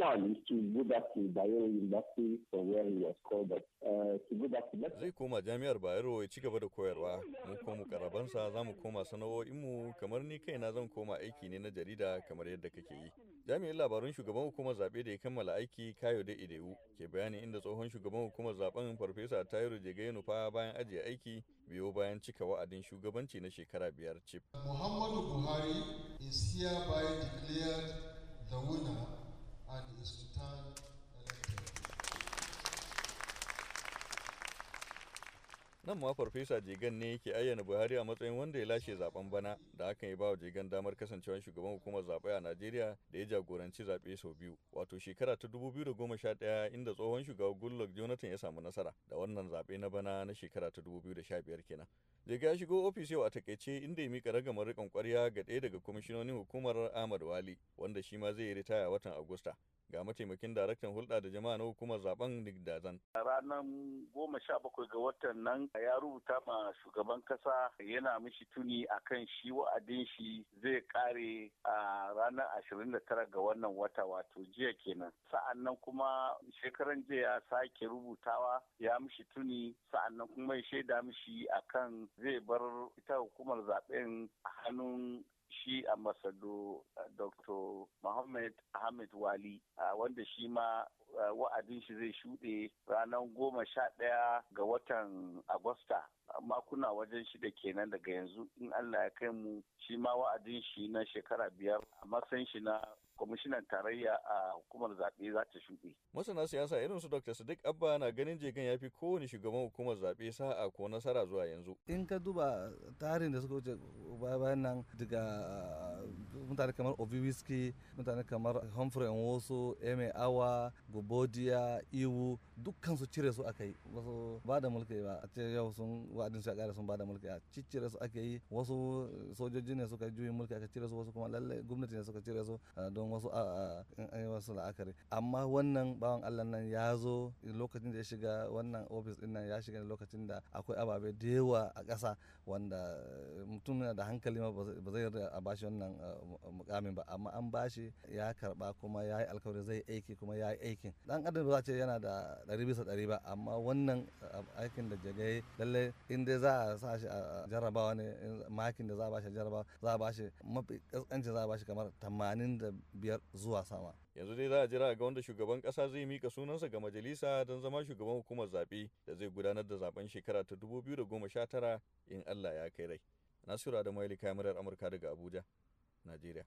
Uh, Zai koma jami'ar Bayero ya ci gaba da koyarwa, mu kuma karabansa za mu koma sana'o'inmu kamar ni kaina zan koma aiki ne na jarida kamar yadda kake yi. Jami'in labarun shugaban hukumar zaɓe da ya kammala aiki Kayo da Idewu ke bayani inda tsohon shugaban hukumar zaɓen Farfesa Tayiru Jegaye Nufa bayan ajiye aiki biyo bayan cika wa'adin shugabanci na shekara biyar cif. Muhammadu Buhari is hereby nan ma farfesa jigan ne yake ayyana buhari a matsayin wanda ya lashe zaben bana da hakan ya bawa wa jigan damar kasancewar shugaban hukumar zaɓe a najeriya da ya jagoranci zaɓe sau biyu wato shekara ta 2011 inda tsohon shugaban goodluck jonathan ya samu nasara da wannan zaɓe na bana na shekara ta 2015 kenan jiga ya shigo ofis yau a takaice inda ya mika ragamar rikon kwarya ga ɗaya daga kwamishinonin hukumar ahmad wali wanda shi ma zai yi ritaya watan agusta ga mataimakin daraktan hulɗa da jama'a na hukumar zaben Nick Dazan. Ranar goma sha bakwai ga watan nan ya rubuta ma shugaban kasa yana mishi tuni akan shi wa'adin shi zai kare a ranar 29 ga wannan wata wato jiya kenan sa'an nan kuma shekaran jiya ya sake rubutawa ya mishi tuni sa'an nan kuma ya shaida mishi akan zai bar ita hukumar zaben a hannun shi a masado uh, dr Muhammad Ahmed Wali uh, wanda shi ma uh, wa'adin shi zai shuɗe ranar goma sha ɗaya ga watan Agusta makuna wajen shida kenan daga yanzu in Allah ya kai mu shi ma wa'adin shi na shekara biyar a matsayin shi na kwamishinan tarayya a hukumar zaɓe za ta shuɗe. Masana siyasa irin su Dr. Sadiq Abba na ganin jegan ya fi kowane shugaban hukumar zaɓe sa'a ko nasara zuwa yanzu. In ka duba tarin da suka wuce bayan nan daga uh, mutane kamar Obiwiski, mutane kamar Humphrey Nwosu, Eme Awa, Gobodiya, Iwu, dukkan su cire su aka yi. Wasu ba da mulki ba, a ce yau sun wa'adin su a ƙara sun ba da mulki a ciccire su aka yi. Wasu sojoji ne suka juyin mulki aka cire su wasu kuma lallai gwamnati ne suka cire su uh, don abubuwan wasu an yi wasu la'akari amma wannan bawan allah nan ya zo lokacin da ya shiga wannan ofis din nan ya shiga lokacin da akwai ababe da yawa a ƙasa wanda eh, mutum na da hankali ma ba zai a bashi wannan eh, mukamin eh, ba amma an bashi ya karba kuma ya yi alkawari zai aiki kuma ya yi aikin dan adam ba za ce yana da ɗari bisa ɗari ba amma wannan aikin da jagai lallai in dai za a sa shi a jarrabawa ne makin da za a bashi a jarrabawa za a bashi mafi ƙasƙanci za a bashi kamar tamanin da biyar zuwa sama. Yanzu dai za a jira ga wanda shugaban ƙasa zai mika sunansa ga majalisa don zama shugaban hukumar zaɓe da zai gudanar da zaben shekara ta dubu biyu da goma sha tara, in Allah ya kai rai. Nasiru Adamu Ali kamarar Amurka daga Abuja, Najeriya.